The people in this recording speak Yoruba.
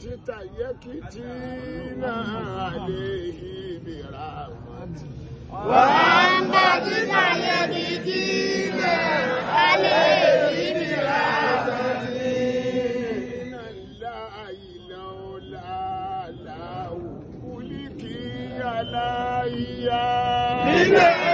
títà yẹ́kìtì náà lè yí ìbìrà wọn. wọ́n ń bọ̀ títà yẹ́kìtì náà lè yí ìbìrà wọn. Aláìyá. Nígbà.